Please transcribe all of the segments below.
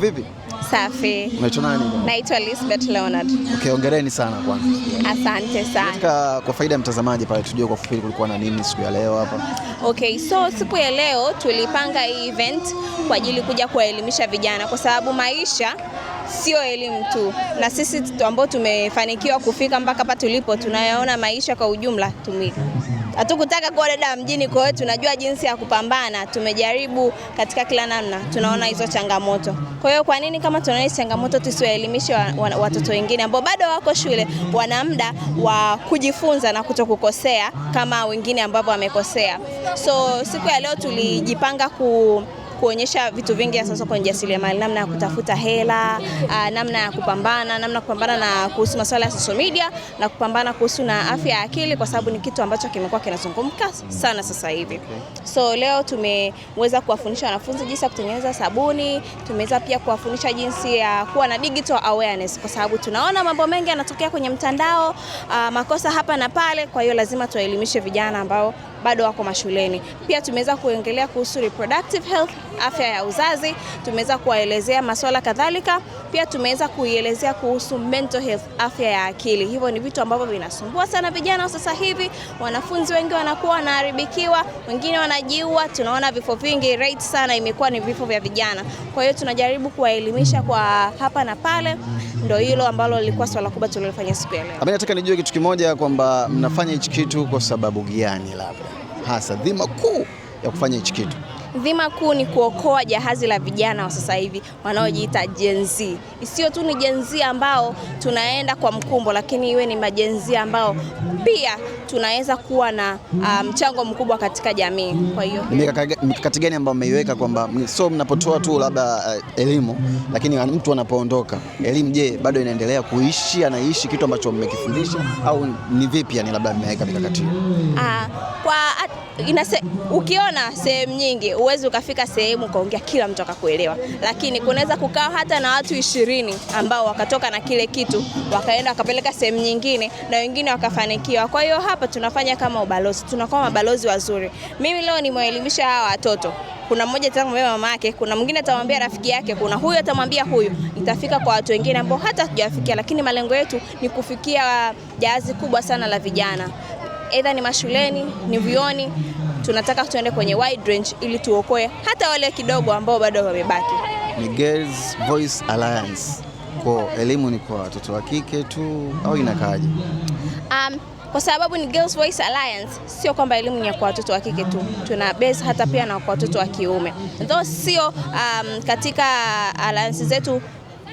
Vipi? Safi. Unaitwa nani? Naitwa Elizabeth Leonard. Okay, hongereni sana kwanza. Asante sana. Katika kwa faida ya mtazamaji pale tujue kwa fupi kulikuwa na nini siku ya leo hapa? Okay, so siku ya leo tulipanga hii event kwa ajili kuja kuwaelimisha vijana kwa sababu maisha sio elimu tu, na sisi ambao tumefanikiwa kufika mpaka hapa tulipo tunayaona maisha kwa ujumla tumi hatukutaka kuwa dada mjini, kwa hiyo tunajua jinsi ya kupambana. Tumejaribu katika kila namna, tunaona hizo changamoto. Kwa hiyo kwa nini kama tunaona hizo changamoto tusiwaelimishe watoto wengine ambao bado wako shule, wana muda wa kujifunza na kuto kukosea kama wengine ambao wamekosea. So siku ya leo tulijipanga ku kuonyesha vitu vingi ya sasa kwenye jasiriamali, namna ya kutafuta hela, ah, namna ya kupambana, namna kupambana na kuhusu masuala ya social media na kupambana kuhusu na afya ya akili, kwa sababu ni kitu ambacho kimekuwa kinazungumka sana sasa hivi. So leo tumeweza kuwafundisha wanafunzi jinsi ya kutengeneza sabuni, tumeweza pia kuwafundisha jinsi ya kuwa na digital awareness, kwa sababu tunaona mambo mengi yanatokea kwenye mtandao, ah, makosa hapa na pale. Kwa hiyo lazima tuwaelimishe vijana ambao bado wako mashuleni. Pia tumeweza kuongelea kuhusu reproductive health, afya ya uzazi, tumeweza kuwaelezea masuala kadhalika. Pia tumeweza kuielezea kuhusu mental health, afya ya akili. Hivyo ni vitu ambavyo vinasumbua sana vijana sasa hivi. Wanafunzi wengi wanakuwa wanaharibikiwa, wengine wanajiua, tunaona vifo vingi, rate sana imekuwa ni vifo vya vijana. Kwa hiyo tunajaribu kuwaelimisha kwa hapa na pale, ndio hilo ambalo lilikuwa swala kubwa tulilofanya siku ya leo. Nataka nijue kitu kimoja kwamba mnafanya hichi kitu kwa sababu gani labda hasa dhima kuu ya kufanya hichi kitu? Dhima kuu ni kuokoa jahazi la vijana wa sasa hivi wanaojiita Gen Z. Isiyo tu ni Gen Z ambao tunaenda kwa mkumbo, lakini iwe ni majenzi ambao pia tunaweza kuwa na um, mchango um, mkubwa katika jamii. Kwa hiyo mikakati gani ambayo mmeiweka kwamba so mnapotoa tu labda uh, elimu, lakini mtu anapoondoka elimu, je, bado inaendelea kuishi, anaishi kitu ambacho mmekifundisha au ni vipi? Yani labda mmeweka mikakati uh, kwa inase, ukiona sehemu nyingi huwezi ukafika sehemu ukaongea kila mtu akakuelewa, lakini kunaweza kukaa hata na watu ishirini ambao wakatoka na kile kitu wakaenda wakapeleka sehemu nyingine na wengine wakafanikiwa. Kwa hiyo hapa hapa tunafanya kama ubalozi, tunakuwa mabalozi wazuri. Mimi leo nimewaelimisha hawa watoto kuna mmoja atamwambia mama yake, kuna mwingine atamwambia rafiki yake, kuna huyu atamwambia huyu. Itafika kwa watu wengine ambao hata hatujafikia, lakini malengo yetu ni kufikia jahazi kubwa sana la vijana, aidha ni mashuleni, ni vioni. Tunataka tuende kwenye wide range ili tuokoe hata wale kidogo ambao bado wamebaki. Ni Girls Voice Alliance. Kwa elimu ni kwa watoto wa kike tu au inakaaje? um, kwa sababu ni Girls Voice Alliance, sio kwamba elimu ni kwa watoto wa kike tu, tuna base hata pia na kwa watoto wa kiume, ndio sio um, katika alliance zetu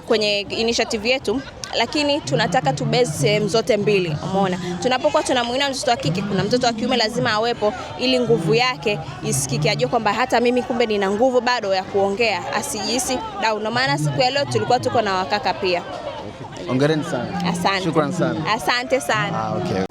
kwenye initiative yetu lakini tunataka base sehemu zote mbili. Umeona, tunapokuwa tunamuinua mtoto wa kike, kuna mtoto wa kiume lazima awepo, ili nguvu yake isikike, ajue kwamba hata mimi kumbe nina nguvu bado ya kuongea, asijihisi down. Ndio maana siku ya leo tulikuwa tuko na wakaka pia. Hongereni sana. Asante. Shukrani sana. Asante sana. Ah, okay.